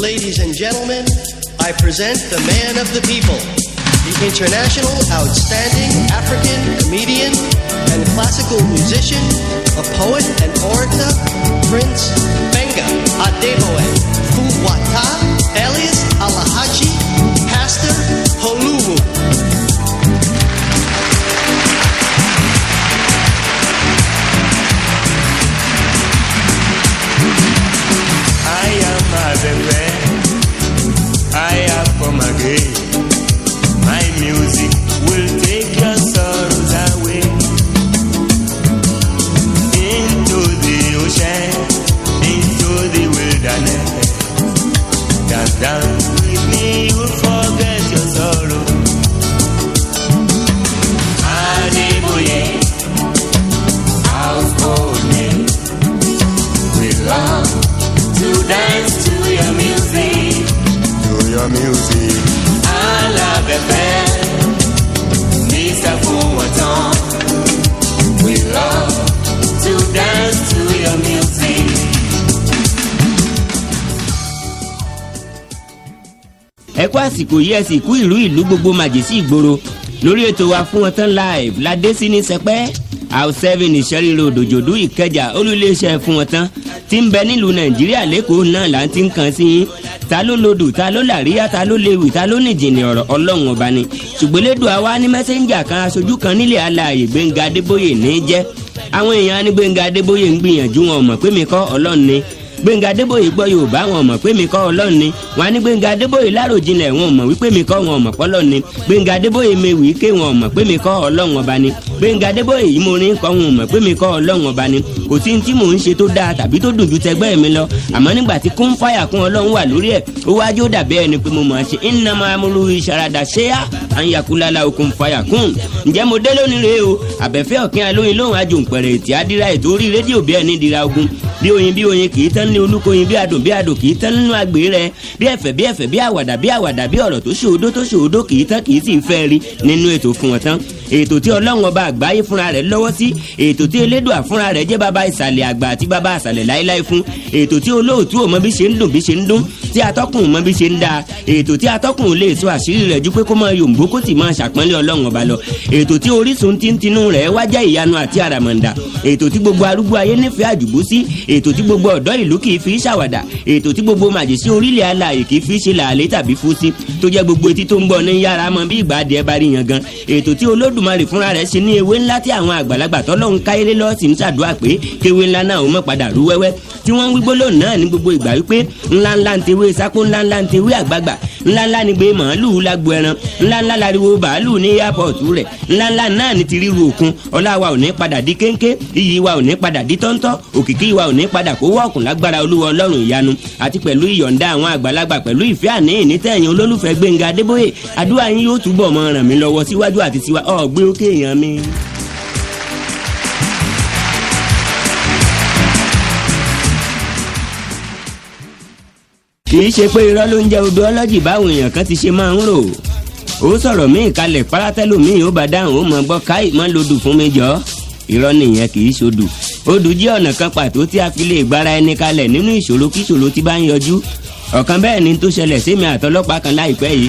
Ladies and gentlemen, I present the man of the people, the international outstanding African comedian and classical musician, a poet and orator, Prince Benga Adeboe Fuwata, alias Alahaji, Pastor I am then gay ẹ kú àsìkò yìí ẹ sì kú ìlú ìlú gbogbo màjèsí ìgboro lórí ètò wa fún wọn live ládé sí ní sẹpẹ́ house seven ìṣẹ́rí road òjòdú ìkẹjà olúléeṣẹ́ fún wọn tán tí ń bẹ nílùú nàìjíríà lẹ́kọ̀ọ́ náà là ń ti ń kàn sí yín ta ló lodò ta ló làríyá ta ló léwu ta ló nìjìnlẹ̀ ọ̀rọ̀ ọlọ́run ọba ni ṣùgbọ́n lẹ́dùn àwa ní mẹ́sẹ̀njà kan aṣojú kan nílẹ̀ alààyè gbẹ̀ngà adébóyè ní í jẹ́ àwọn èèyàn á ní gbẹ̀ngà adébóyè ń gbìyànjú wọn mọ̀ pé mi kọ́ ọlọ́run ni gbẹ̀ngà adébóyè gbọ́ yorùbá wọn mọ̀ pé mi kọ́ ọlọ́run ni wọn á ní gbẹ̀ngà adébóyè láròjinlẹ̀ wọn mọ̀ wípé mi kọ́ wọn mọ̀ pọ́lọ́ ni gbẹ̀ngà adébóyè mewì ké wọn mọ̀ pé mi kọ́ ọlọ́run ọba ni gbẹ̀ngà adébóyè yìí mo rin kọ́ wọn mọ̀ pé mi kọ́ ọlọ́run ọba ni kò sí tí mò ń ṣe tó dáa tàbí tó dùn ju tẹgbẹ́ mi lọ àmọ́ nígbà tí kún fáyà kún ọlọ́run wà lórí ẹ̀ ó wájú dàbí ẹni pé mo mọ̀ ṣe ń nàmọ́ amúlù ìṣàràdà ṣéyà anyakula la okun fàyà kún ǹjẹ́ mo dé lónìí rèé o àbẹ̀fẹ́ ọ̀kín alóyin lóhùn ajoǹpẹ̀rẹ̀ ètí adira ètò orí rédíò bí ẹni dira ogun bí oyin bí oyin kì í tán ní olúkoyin bí adùn bí adùn kì í tán nínú agbè rẹ bí ẹ̀fẹ̀ bí ẹ̀fẹ̀ bí àwàdà bí àwàdà bí ọ̀rọ̀ tó ṣòdo tó ṣòdo kì í tán kì í sì fẹ́ rí nínú ètò fún ọ̀tán ètò tí ọlọ́run ọba àgbáyé fúnra rẹ̀ lọ́wọ́ sí ètò tí elédùà fúnra rẹ̀ jẹ́ baba ìsàlẹ̀ àgbà àti baba ìsàlẹ̀ láéláé fún ètò tí olóòtú ò mọ bí ṣe ń dùn bí ṣe ń dún tí atọ́kùn mọ bí ṣe ń dáa ètò tí atọ́kùn lè sọ àṣírí rẹ̀ ju pé kó mọ yòǹbó kó sì máa ṣàpọ́nlé ọlọ́run ọba lọ ètò tí orísun tíntinú rẹ̀ wá jẹ́ ìyanu àti àràmọ̀ǹdà ètò tí gbogbo arúgbó ayé nífẹ̀ẹ́ àjùbú sí ètò tí gbogbo ọ̀dọ́ ìlú kì í fi ṣàwàdà ètò tí gbogbo màjèsí orílẹ̀ alààyè kì í fi ṣe làálẹ̀ tàbí fún sí tó jẹ́ gbogbo etí tó ń gbọ́ ní yàrá mọ bí ìgbà adìẹ bá rí yan gan ètò tí olódùmarè fúnra rẹ̀ ṣe ní ewé ńlá tí àwọn àgbàlagbà tọ́lọ́hún káyélé lọ́ọ́ sì ń ṣàdúrà pé kéwé ńlá náà ó mọ̀ padà rú wẹ́wẹ́ tí wọ́n ń wí gbólóhùn náà ní gbogbo ìgbà wípé ńláńlá ń tewé sákó ńláńlá ń tewé àgbààgbà ńláńlá ni gbé màálù lágbo ẹran ńláńl ńláńlá lariwo bàálù ní airport rẹ̀ ńláńlá náà ni ti ríru òkun ọlá wa ò ní padà di kéńké iyì wa ò ní padà di tọ́ntọ́ òkìkí wa ò ní padà kó wọ́ọ̀kùn lágbára olúwa ọlọ́run ìyanu àti pẹ̀lú ìyọ̀ǹda àwọn àgbàlagbà pẹ̀lú ìfẹ́ àní ìní olólùfẹ́ gbẹ̀ngà adébóyè àdúrà yín yóò túbọ̀ mọ ràn mí lọ́wọ́ síwájú àti síwá kì í ṣe pé irọ́ ló ń jẹ́ odò ọlọ́jì báwọn èèyàn kan ti ṣe máa ń rò ó sọ̀rọ̀ míì kalẹ̀ paratẹ́lò míì ó bá dáhùn ó mọ̀ gbọ́ káì mọ́ lodù fún mi jọ irọ́ nìyẹn kì í ṣodù odù jẹ́ ọ̀nà kan pàtó tí a fi lè gbára ẹni kalẹ̀ nínú ìṣòro kíṣòro tí bá ń yọjú ọ̀kan bẹ́ẹ̀ ni tó ṣẹlẹ̀ sí mi àtọlọ́pàá kan láìpẹ́ yìí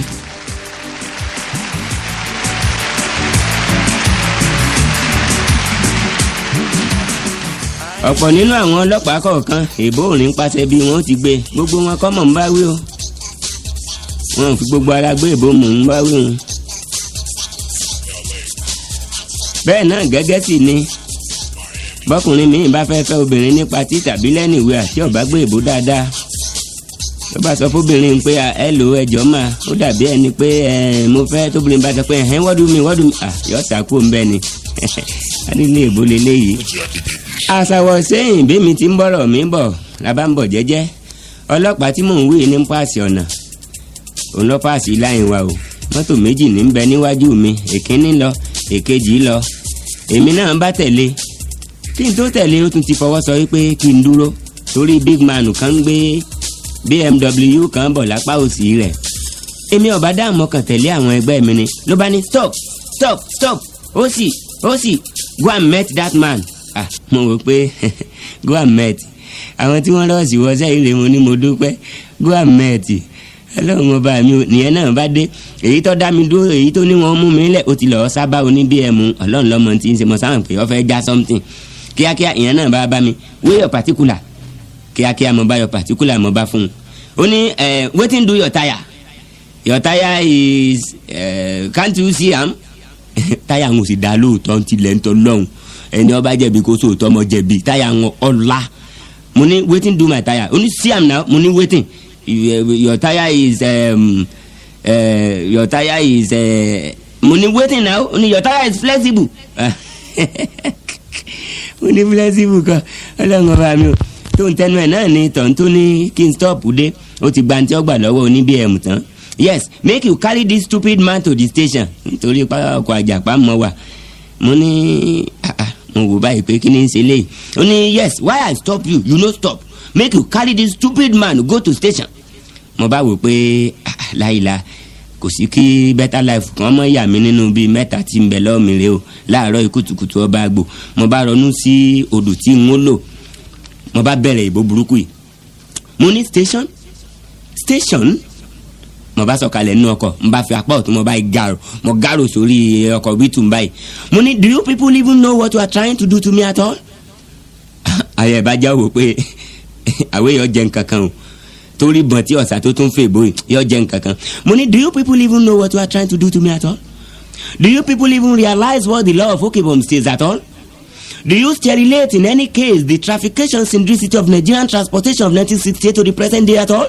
ọ̀pọ̀ nínú àwọn ọlọ́pàá kọ̀ọ̀kan èbó òrìn bí wọ́n ti gbé gbogbo wọn kọ́ mọ̀ ń bá wí o wọn fi gbogbo ara gbé ìbomú ń bá wí wọn. bẹ́ẹ̀ náà gẹ́gẹ́ sì ni bọ́kùnrin mi bá fẹ́ fẹ́ obìnrin nípa tí tàbí lẹ́nu àti ọ̀bá gbé ìbò dáadáa tó bá sọ fóbìnrin pé ẹ lò ẹjọ́ máa ó dàbí ẹni pé mo fẹ́ tóbìnrin bá sọ pé ẹ̀hẹ́n wọ́dún mi wọ́dún mi yọ̀ọ́ sàkó ń bẹ́ni a ní ilé ìbò lélẹ́yìí. àṣàwọ̀ sẹ́yìn bí mi ti ń bọ̀rọ̀ mi bọ̀ la ń bọ̀ jẹ́jẹ́ ọlọ́pàá tí mò ń wí ní pàṣẹ ọ̀nà òun lọ́ pààsì láyìn wa o mọ́tò méjì ní bẹ níwájú mi èkíní lọ èkejì lọ èmi náà bá tẹ̀lé kí n tó tẹ̀lé ó tún ti fọwọ́ sọ wípé kí n dúró torí big man kan gbé BMW kan bọ̀ lápá òsì rẹ̀ èmi ọ̀bá dáàmú ọkàn tẹ̀lé àwọn ẹgbẹ́ mi ni ló bá ní stop stop stop ó sì ó sì go and meet that man ah mo rò pé go and meet àwọn tí wọ́n lọ́ọ̀sì wọ́sẹ̀ ìrè mo ní mo dúpẹ́ go and meet ọlọ́run mo bá mi nìyẹn náà bá dé èyí tó dá mi dúró èyí tó ní wọn mú mi lẹ̀ ó ti lọ́ọ́ sábà oní dm ọlọ́run lọ́mọ tí ń ṣe mọ sáwọn pé ó fẹ́ já something kíákíá ìyẹn náà bá bá mi wé yọ particular kíákíá mo bá yọ particular mo bá fún un ó ní eh, wetin do your tire your tire is uh, can't you see am Tire ń sì dá lóòótọ́ ń tilẹ̀ ń tọ́ lọ́hùn ẹni ọba jẹ̀bi kó sóòótọ́ mọ jẹ̀bi táyà ń ọ̀la mo ní wetin do my tire ó ní see am now mo ní wetin your tire is um, uh, your tire is uh, mo ní waiting now ó ní your tire is flexible mo ní flexible kan ọlọ́run ọba mi o tó ń tẹnu ẹ̀ náà ni tọ̀ǹtún ní kí n stop dé ó ti gba ntí ọgbà lọ́wọ́ oníbm tán yes make you carry this stupid man to the station nítorí ọkọ̀ àjàpá mọ́ wa mo ní ah, ah, mo wò báyìí pé kí ni ń ṣe léyìí ó ní yes why i stop you you no stop make you carry this stupid man go to station. mo bá wò pé ah, ah, láìla kò sí kí better life kan mọ ìyá mi nínú bíi mẹ́ta tí ń bẹ lọ́ọ̀mì rẹ o láàárọ̀ ìkùtùkùtù ọba àgbò mo bá ronú sí odò tí n lò mo bá bẹ̀rẹ̀ ìbò burúkú yìí mo ní station station mo bá sọ̀kalẹ̀ nínú ọkọ̀ mo bá fi apá ọ̀tún mo bá gàrò mo gàrò sórí ọkọ̀ wítùm báyìí mo ní do you people even know what you are trying to do to me at all? àyẹ̀ ìbájá wò pé àwé yọ jẹ nkankan o torí bọ̀n tí ọ̀sà tó tún fè bóyì yọ jẹ nkankan mo ní do you people even know what you are trying to do to me at all do you people even realize what the law of okebom says at all do you sterilate in any case the trafficking syndicity of Nigerian transportation of 1968 to the present day at all.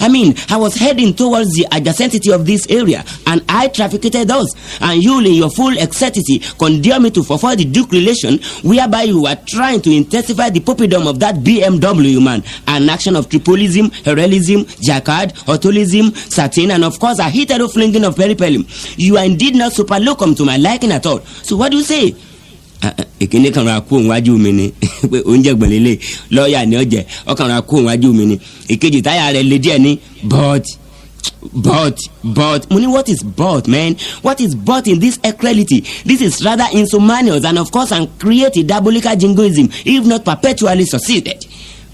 I mean, I was heading towards the adjacentity of this area and I trafficated those. and you, in your full excessity, condemn me to fulfill the Duke relation whereby you were trying to intensify the popedom of that BMW man, an action of tripolism, herelism, jacquard, hotolism, satin, and of course a heated flinging of peripelum. You are indeed not super locum to my liking at all. So, what do you say? Ah, ah, ìkíní kan ra kó òun wájú mi ni pé oúnjẹ gbọ̀nlélẹ̀ lọ́ọ̀yà ni ọ̀jẹ̀ ọkàn ra kó òun wájú mi ni ìkejì táyà rẹ̀ lé díẹ̀ ní but but but mo ní what is but man what is but in this equality this is rather insurmountable and of course and create a diabolical jingoism if not perpetually succeeded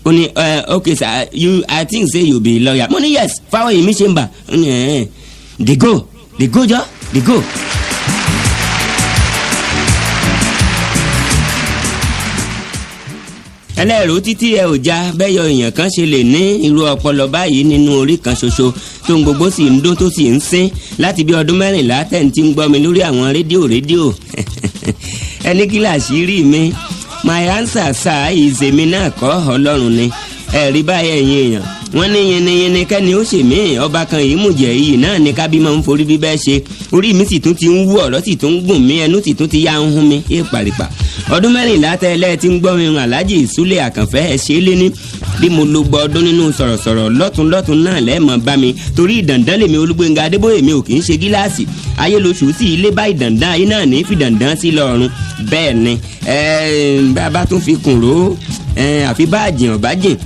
ó ní uh, okay sir you i think say you be lawyer mo ní yes fáwọn èmi ṣe ń bà dey go dey go jọ dey go. ẹlẹ́rú títí ẹ ò já bẹ́yọ èèyàn kan ṣe lè ní irú ọpọlọ báyìí nínú orí kan ṣoṣo tó ń gbogbo sì ń dún tó sì ń sín láti bí ọdún mẹ́rìnlá tẹ̀ ń gbọ́ mi lórí àwọn rédíò rédíò ẹni kí làṣírí mi my answer sir ìzèmi náà kọ́ ọlọ́run ni ẹ̀rí báyẹn ẹ̀yin èèyàn wọ́n ní yẹnẹyẹnẹ kẹ́ni ó ṣèmí ọba kan yìí mùjẹ́ yìí náà ni kábí máa ń forí bíbẹ́ ṣe orí mi sì tún ti ń wú ọ̀rọ̀ sì tún ń gùn mí ẹnu sì tún ti yá ń hún mi é pàrìpà ọdún mẹ́rìnlá tẹ́lẹ̀ tí ń gbọ́ mi rìn aláàjì ìsúlẹ̀ àkànfẹ́ ẹ ṣe é lé ní bí mo lo gbọ́ ọdún nínú sọ̀rọ̀sọ̀rọ̀ lọ́tún lọ́tún náà lẹ́ẹ̀mọ́ bá mi torí ìdàndán lèmi Olúgbénga Adébóyè mi ò kì í ṣe gíláàsì ayéluṣù sí ilé bá ìdàndán ayé náà ní fìdàndán sí lọ́rùn bẹ́ẹ̀ ni bá bá tún fi kùn ró àfi bá àjìn ọ̀bá jìn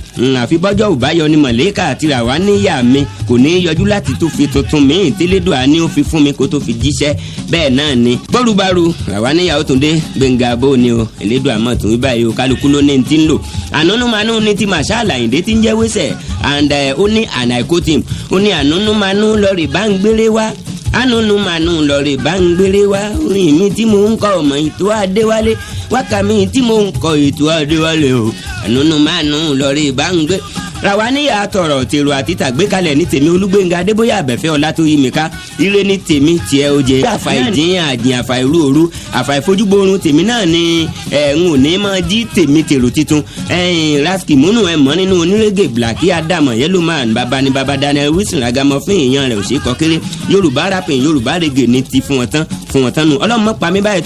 àfi bọ́jọ́ òbáyọ ni mọ̀lẹ́kà àti ràwá níyà mi kò ní í yọjú láti tún fi tuntun míì tílédò àní ó fi fún mi kó tó fi jíṣẹ́ bẹ́ẹ̀ náà ni. bọ́rùbárù ràwá níyà ó tún dé gbẹ̀ngà bó ni o elédò àmọ́ tó ń báyìí o kálukú ló ní ti ń lò. ànúnúmanú ni ti màṣá àlàyìndé ti ń jẹ́ wẹ́sẹ̀ and eh, ó ní ànàìkótìm ó ní ànúnúmanú lọ́ọ̀rì bá ń gbélé wá anunu manu lọrẹ bá ń gbére wá orin mi tí mò ń kọ ọmọ ìtò adéwálé wákàmí tí mò ń kọ ètò Adéwálé o ànúnú máa nù lọ́rí bá ń gbé Rawaniya tọrọ tèrò àti tàgbékalẹ̀ ní tèmi Olúgbénga Adébóyè Àbẹ̀fẹ́ Ọlátòyìmíká ire ní tèmi tiẹ̀ ó jẹ àfà ìdín àjìn àfà ìrú òru àfà ìfojúborun tèmi náà ni ẹ̀ ń òní máa jí tèmi tèrò titun ẹ̀yìn raski múnú ẹ̀ mọ́ nínú onírègè blaki adamu yellow man baba baba daniel wilson agamọfin èèyàn rẹ̀ ò ṣe Yorùbá rapin Yorùbá regè ní ti fún wọn fún wọn nu ọlọ́mọ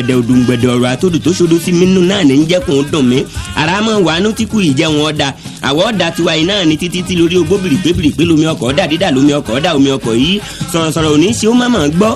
òdùngbẹ̀dẹ̀ òdùngbẹ̀dẹ̀ ọ̀rọ̀ àtòdù tó ṣodo sí mínú náà ní jẹ́kùn dùn mí àràmọ́ wàánú tí kù ìjẹun ọ̀dà àwọ̀ ọ̀dà tiwa yìí náà ni títí tí lórí ogbó bìrìpébìrìpé lomi ọkọ̀ ọ̀dà dídà lomi ọkọ̀ ọ̀dà omi ọkọ̀ yìí sọ̀rọ̀sọ̀rọ̀ òní ṣe ó mọ̀mọ́ gbọ́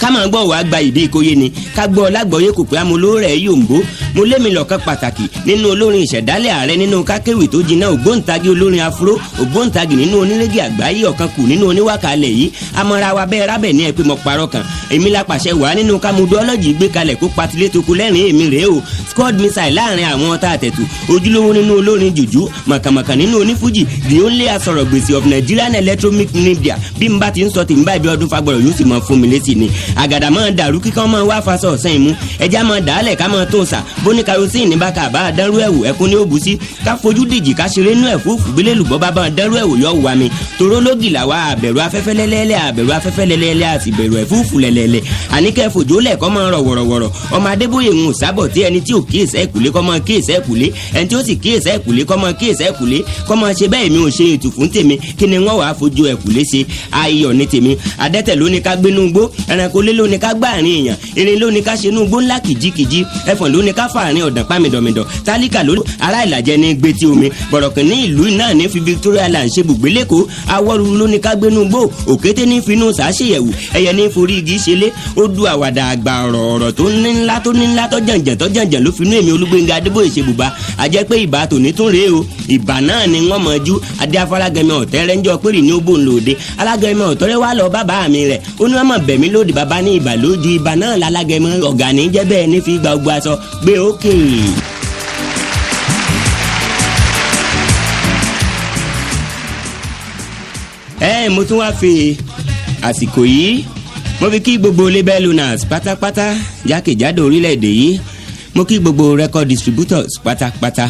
ká máa gbọ́ wàá gba ìdí ìkóyè ni ká gbọ́ lágbọ́yé kò pé amúlóòrẹ̀ yòǹbó mo lémi lọ́kàn pàtàkì nínú olórin ìṣẹ̀dálẹ̀ ààrẹ nínú kákéwì tó jiná ògbóǹtagì olórin afro ògbóǹtagì nínú onírègì àgbáyé ọ̀kan kù nínú oníwàkàlẹ̀ yìí amọ̀ra wa bẹ́ẹ̀ rábẹ̀ ní ẹ̀pẹ́ mọ̀ parọ́ kan èmi la pàṣẹ wà nínú kámudọ́lọ́jì gbé kalẹ̀ kó patilé toko lẹ́rìn èmi rèé o squad missile láàrin àwọn ọ̀tá àtẹ̀tù ojúlówó nínú olórin jùjú màkàmàkà nínú onífújì the only asọ̀rọ̀gbèsì of Nigerian electronic media bí n bá ti ń sọ tèmi báyìí bí ọdún fagbọ̀rọ̀ yóò sì máa fún mi létí ni àgàdà máa dàrú kíkọ́ máa wá faṣọ ọ̀sán ìmú ẹja máa dàálẹ̀ ká máa tó sà bóní karosíìnì bá ká bá a dánrú ẹ̀wò ẹkún ní òbú sí ká fojú dìjì ká ṣeré nú ẹ̀fúùfù gbélé lùbọ́ bá bá a dánrú ẹ̀wò yọ wà mí toró lógì làwa àbẹ̀rù afẹ́fẹ́ lẹ́lẹ́lẹ́ àbẹ̀rù afẹ́fẹ́ lẹ́lẹ́lẹ́ àti bẹ̀rù ẹ̀fúùfù lẹ́lẹ́lẹ́ àníkẹ́ fòjó lẹ̀kọ́ máa rọ̀ wọ̀rọ̀wọ̀rọ̀ ọmọ adébóyè ń sábọ̀ tí ẹni tí ò kíyèsí ẹ̀kúlé kọ́ máa kíyèsí ẹ̀kúlé ẹni tí ó sì kíyèsí ẹ̀kúlé kọ́ máa kíyèsí ẹ̀kúlé kọ́ máa ṣe bẹ́ẹ̀ mi ò ṣe ètò fún tèmi kí ni wọ́n wàá fojú ẹ̀kúlé ṣe ayọ̀ ní tèmi adẹ́tẹ̀ ló ká gbénú gbó ẹranko kólé ló ní ká gbáàrin èèyàn eré ló ní ká ṣe inú gbóńlá kìjikìji ẹfọ̀n ló ní ká fàárín ọ̀dàn pàmìdọ̀mìdọ̀ tálíkà ló ará ìlàjẹ ní gbé tí omi bọ̀rọ̀kìn ní ìlú náà ní fi Victoria là ń ṣe bùgbé lẹ́kọ̀ọ́ awọ́ru ló ní ká gbénú gbó òkété ní finú sàṣeyẹ̀wò ẹyẹ ní forí igi ṣelé ó du àwàdà àgbà ọ̀rọ̀ tó ní tó ní tó jàǹjẹ̀ tó jàǹjẹ̀ ló finú èmi Olúgbénga Adébóyè ṣe bùbá àjẹ́ pé ìbà tòní tún rèé o ìbà náà ni wọ́n mọ̀ ju adé afáragẹmẹ ọ̀tẹ́rẹ́ ń ní ó bò ń lòde alágẹmẹ ọ̀tọ́rẹ́ wà lọ bàbá mi rẹ̀ ó ní wọ́n mọ̀ bẹ̀mí lóde bàb bàbá ní ibà lójú ibà náà lálágẹmọ ọ̀gá ní jẹ́ bẹ́ẹ̀ ní fi gba ogun aṣọ gbé òkè. ẹ mo tún wáá fi àsìkò yìí mo fi kí gbogbo label owners pátápátá jákèjádò orílẹ̀-èdè yìí mo kí gbogbo record distributors pátápátá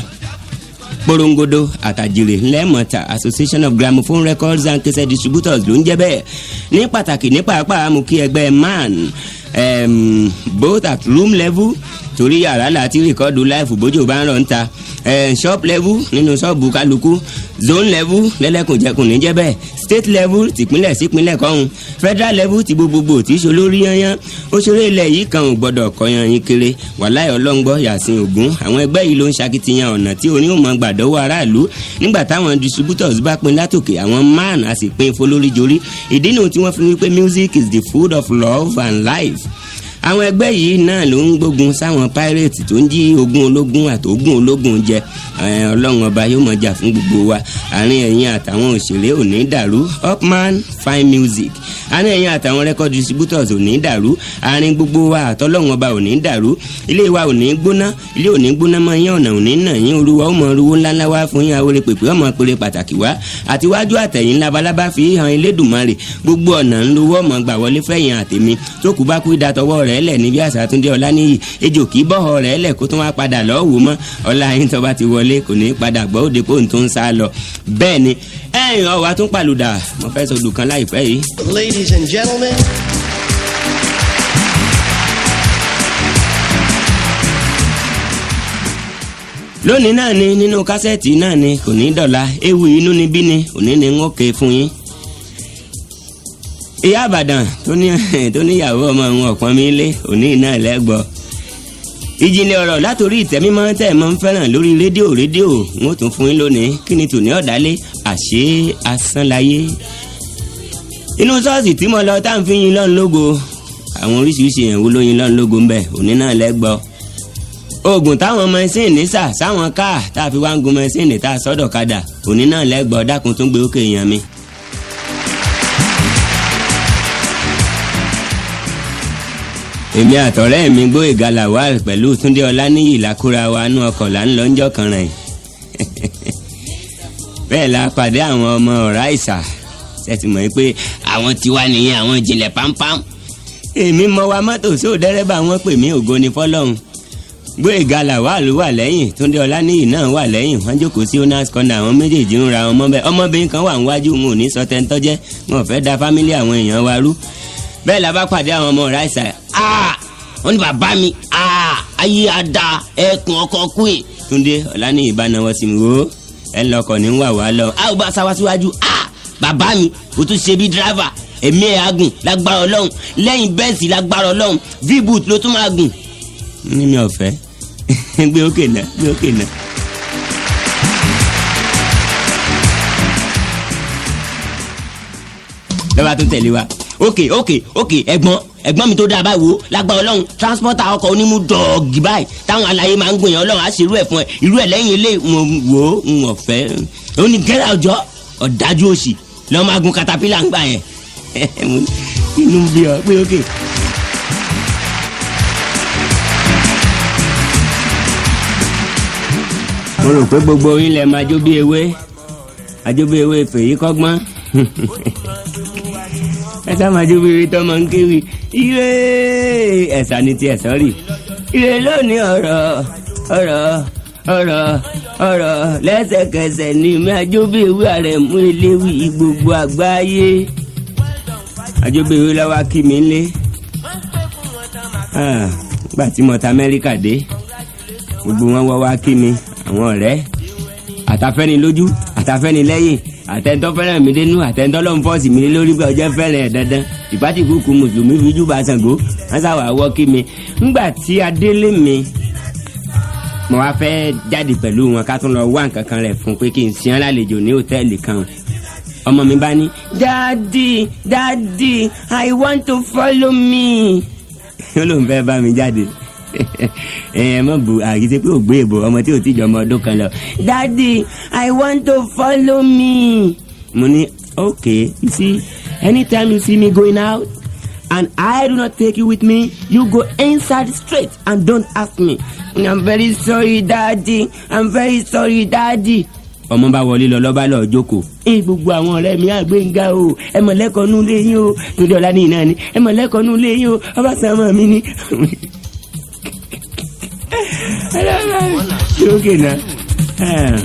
porongodo àtàjèrè ńlẹ́mọ̀ta association of gramophone records and cassette distributors ló ń jẹ́ bẹ́ẹ̀ ní pàtàkì ní pàápàá mú kí ẹgbẹ́ man um, both at room level torí yàrá láti rìkọ́dù láìfù bójú bá ń rọ̀ ń ta shop level nínú ṣọ́ọ̀bù kálukú zone level lẹ́lẹ́kùnjẹkùn níjẹ́ bẹ́ẹ̀ state level tìpínlẹ̀ sípínlẹ̀ kọ́hún federal level ti gbogbogbò tí ṣolórí yanyan òṣèré ilẹ̀ yìí kan ò gbọ́dọ̀ kọyan yín kiri wàláyé ọlọ́ngbọ́ yàsìn ògún àwọn ẹgbẹ́ yìí ló ń ṣakitiyan ọ̀nà tí oní gbàdọ́wọ́ aráàlú nígbà táwọn distributors bá pín látòkè àwọn man a sì pín folóríjorí ìdí nù tí wọ́n fi wí music is the food of love and life àwọn ẹgbẹ́ yìí náà ló ń gbógun sáwọn pirates tó ń jí ogún ológun àtògún ológun jẹ ọlọ́run ọba yóò mọ̀ jà fún gbogbo wa àárín ẹ̀yin àtàwọn òṣèré òní dàrú upman fine music àní ẹ̀yin àtàwọn record distributors ò ní dàrú àárín gbogbo wa àtọ́lọ́wọ́n ọba ò ní dàrú ilé wa ò ní gbóná ilé ò ní gbóná mọ́ yín ọ̀nà ò ní nà yín olúwa ó mọ olúwo ńláńlá wá fún yín àwòrán pèpè ọmọ pèrè pàtàkì wá àtiwájú àtẹ̀yìn labalábá fi hàn Elédùmarè gbogbo ọ̀nà ńlówó ọmọ gbà wọlé fẹ́yìn àtẹ̀mí tó kù bá kú ìdàtọwọ́ rẹ̀ lẹ̀ níbi àṣàtúndé ọ̀làníyì ejò kì í bọ́họ̀ rẹ̀ lẹ̀ kó tó wá padà lọ́wọ́ mọ́ ọ̀la yín tó bá ti wọlé kò ní padà gbọ́ òde kó n tó sá lọ bẹ́ẹ̀ ni ẹ ìran wa tún mo fẹ́ sọdù kan láìpẹ́ yìí. ladies and gentlemen. lónìí náà ni nínú kásẹ̀tì náà ni kò ní dọ̀la ewu inú ni bí ni òní ni ń òkè fún yín. ìyá àbàdàn tó níyàwó ọmọ òun ọ̀pọ̀ mi lé òní náà lẹ́gbọ̀ọ́. ìjìnlẹ̀ ọ̀rọ̀ látòrí ìtẹ́mímọ́ tẹ́ ẹ̀ mọ́ ń fẹ́ràn lórí rédíò rédíò n ó tún fún yín lónìí kí ni tòní ọ̀dálé àṣé asánláyé. inú ṣọ́ọ̀ṣì tí mo lọ tá à ń fi yín lọ́n lógo àwọn oríṣiríṣi ìyẹn wo ló yín lọ́n lógo ń bẹ̀ òní náà lẹ́gbọ́. oògùn táwọn mẹsìnì sà sáwọn káà tá a fi wá ń gun mẹsìnì tá a sọ́dọ̀ kadà òní náà lẹ́gbọ́ dákun tún gbé ókè èèyàn èmi àtọ̀rẹ́ mi Gbóyèga Lawal pẹ̀lú Túndé Ọláníyì lákúra wa nú ọkọ̀ là ń lọ ńjọ́ kan rìn bẹ́ẹ̀ la pàdé àwọn ọmọ ọ̀rá ìsà ṣètì mọ̀ pé àwọn tiwa nìyẹn àwọn ìjìnlẹ̀ pampam èmi mọ wa mọ́tò sóò dẹ́rẹ́bà wọn pè mí ògo ni fọlọ́hún Gbóyèga Lawal wà lẹ́yìn Túndé Ọláníyì náà wà lẹ́yìn wọ́n jókòó sí onas corner àwọn méjèèjì ń ra ọmọbìnrin kan wà níwájú wọn ò wọ́n ní bàbá mi ayé ada ẹkùn ọkọ kúè túndé ọ̀lànìyàn bá náwó sí mi wò ẹ̀ lọkọ̀ ní wà wá lọ a ò bá sáwá síwájú bàbá mi o tún ṣe bí dírábà ẹ̀mí ẹ̀ agùn lágbára ọlọ́run lẹ́yìn bẹ́ẹ̀sì lágbára ọlọ́run v ló tún máa gùn. ní mi ò fẹ́ gbé òkè náà gbé òkè náà. lọ́ba tó tẹ̀lé wa ok ok ok ẹ̀gbọ́n ẹ̀gbọ́n mi tó dáa báyìí wo lágbára ọlọ́run transporter ọkọ̀ onímú dọ̀ọ̀gì báyìí táwọn aláyé máa ń gbìyànjú ọlọ́run á sì irú ẹ̀ fún ẹ irú ẹ̀ lẹ́yìn ilé wọn wò ó ń wọ̀ fẹ́ ó ní gẹ́rà ọjọ́ ọ̀dájú òsì lọ́ọ́ máa gun katapila ń gbà yẹn inú bí ọ pé ok. mo rò pé gbogbo yín lè máa jó bí ewé àjó bí ewé fèyí kọ́gbọ́n. ẹ sá máa dúró eré tọmọ ń kéwì ire ẹ̀sà ni ti ẹ̀sán rì ire lónìí ọ̀rọ̀ ọ̀rọ̀ ọ̀rọ̀ ọ̀rọ̀ lẹ́sẹ̀kẹsẹ̀ ni májóbè ewé ààrẹ mú eléwì gbogbo àgbáyé májóbè ewé lọ́wọ́ kí mi lé ah, gbà tí mo ta amẹ́ríkà dé gbogbo wọn wá wá kí mi àwọn ọ̀rẹ́ àtàfẹ́ni lójú àtàfẹ́ni lẹ́yìn àtẹ̀ntọ́ fẹ́rẹ̀ mi dénú àtẹ̀ntọ́ ló ń fọ́ọ̀sì mi lórí pé ọjọ́ fẹ́rẹ̀ dandan ìbátí kúkú mùsùlùmí fi júbà Ṣàngó wọ́n sàwà wọ́ kí mi ńgbà tí adélé mi mo wá fẹ́ jáde pẹ̀lú wọn ká tún lọ wá nǹkan kan rẹ̀ fún pé kí n sìn án lálejò ní hòtẹ́ẹ̀lì kan ọmọ mi bá ní. dadi dadi i want to follow me. ó lóun fẹ́ bá mi jáde Eh, ẹ mọ bu àrísé pé ògbé ìbò ọmọ tí ò tí jọ ọmọ ọdún kan lọ daddy i want to follow me. mo ní okay you see anytime you see me going out and I do not take you with me, you go inside straight and don't ask me. I'm very sorry, daddy. I'm very sorry, daddy. ọmọ bá wọlé lọ lọ́ba lọ jókòó. ẹ gbogbo àwọn ọ̀rẹ́ mi àgbéǹga o ẹ mọ̀ lẹ́kọ̀ọ́ yín o torí ọ̀la ní ìnáni ẹ mọ̀ lẹ́kọ̀ọ́ yín o ọba sàmọ́ mi ni. Yo kenan. Eh? Eh.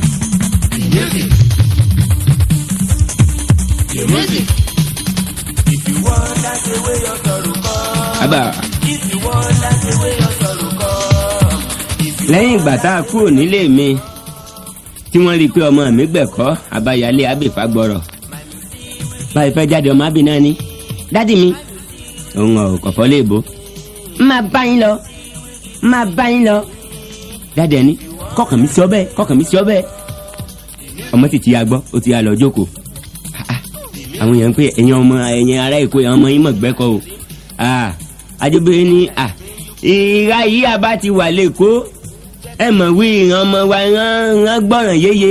Aba. Lẹ́yìn ìgbà tá a kúrò nílé mi tí wọ́n rí i pé ọmọ mi gbẹ̀kọ́ abayalé abèfà gbọ́rọ̀ báyìí fẹ́ jáde ọmọ abì náà ni dádì mi òun ọ̀ kọ̀fọ́ léèbó máa bá yín lọ máa bá yín lọ dádì ẹni kọkàn mi sí ọ bẹ́ẹ̀ kọkàn mi sí ọ bẹ́ẹ̀ ọmọ sì ti ya gbọ́ ó ti ya lọ jókòó ah, ah. àwọn èèyàn ń pè ẹ̀yin ọmọ ẹ̀yin ará èkó ẹ̀yin ọmọ yín mọ̀ gbẹ́kọ̀ o adébóyè ah, ní ìhà yìí àbá ti wà lẹ́kọ̀ọ́ ẹ mọ̀ wí ìran ọmọ wa rán gbọ́ràn yéye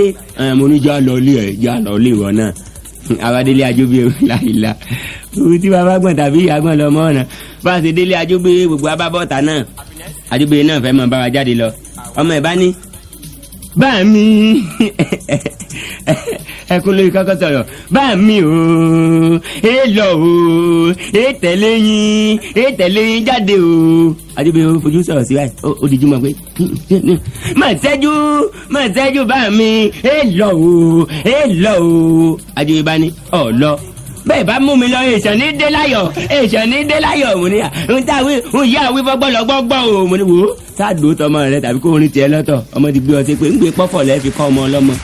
mo ní já lọ lé ẹ̀ já lọ lé ìwọ náà àwádélé ajóbé láìla òun tí bàbá gbọ̀n tàbí ìyá gbọ̀n ọ̀nà bá délé ajóbé gbogbo abábọ́ta náà ajóbé náà fẹ́ mọ bá wa jáde lọ ọmọ ẹ̀ bá ní bá mi ẹ kó lórí kankan sọ̀rọ̀ bá mi o ẹ lọ o ẹ tẹ̀lé yín ẹ tẹ̀lé yín jáde o. adébẹ̀ o fojú sọ̀rọ̀ sí wa ó di jùmọ̀ pé mà sẹ́jú mà sẹ́jú bá mi ẹ lọ o ẹ lọ o. adébẹ̀ bá ní ọ̀ lọ bẹ́ẹ̀ bá mú mi lọ èsàn ní délayọ̀ èsàn ní délayọ̀ mo ní à ń tà wí ń yá àwí fọgbọ́lọgbọ́gbọ́ o mo ní wò ó sáà dùn tọmọ rẹ tàbí kó orin tiẹ̀ lọ́tọ̀ ọmọ ti gbé ọtí pé ń gbé pọ́fọ̀ lẹ́ fi kọ́ ọmọ ọlọ́mọ.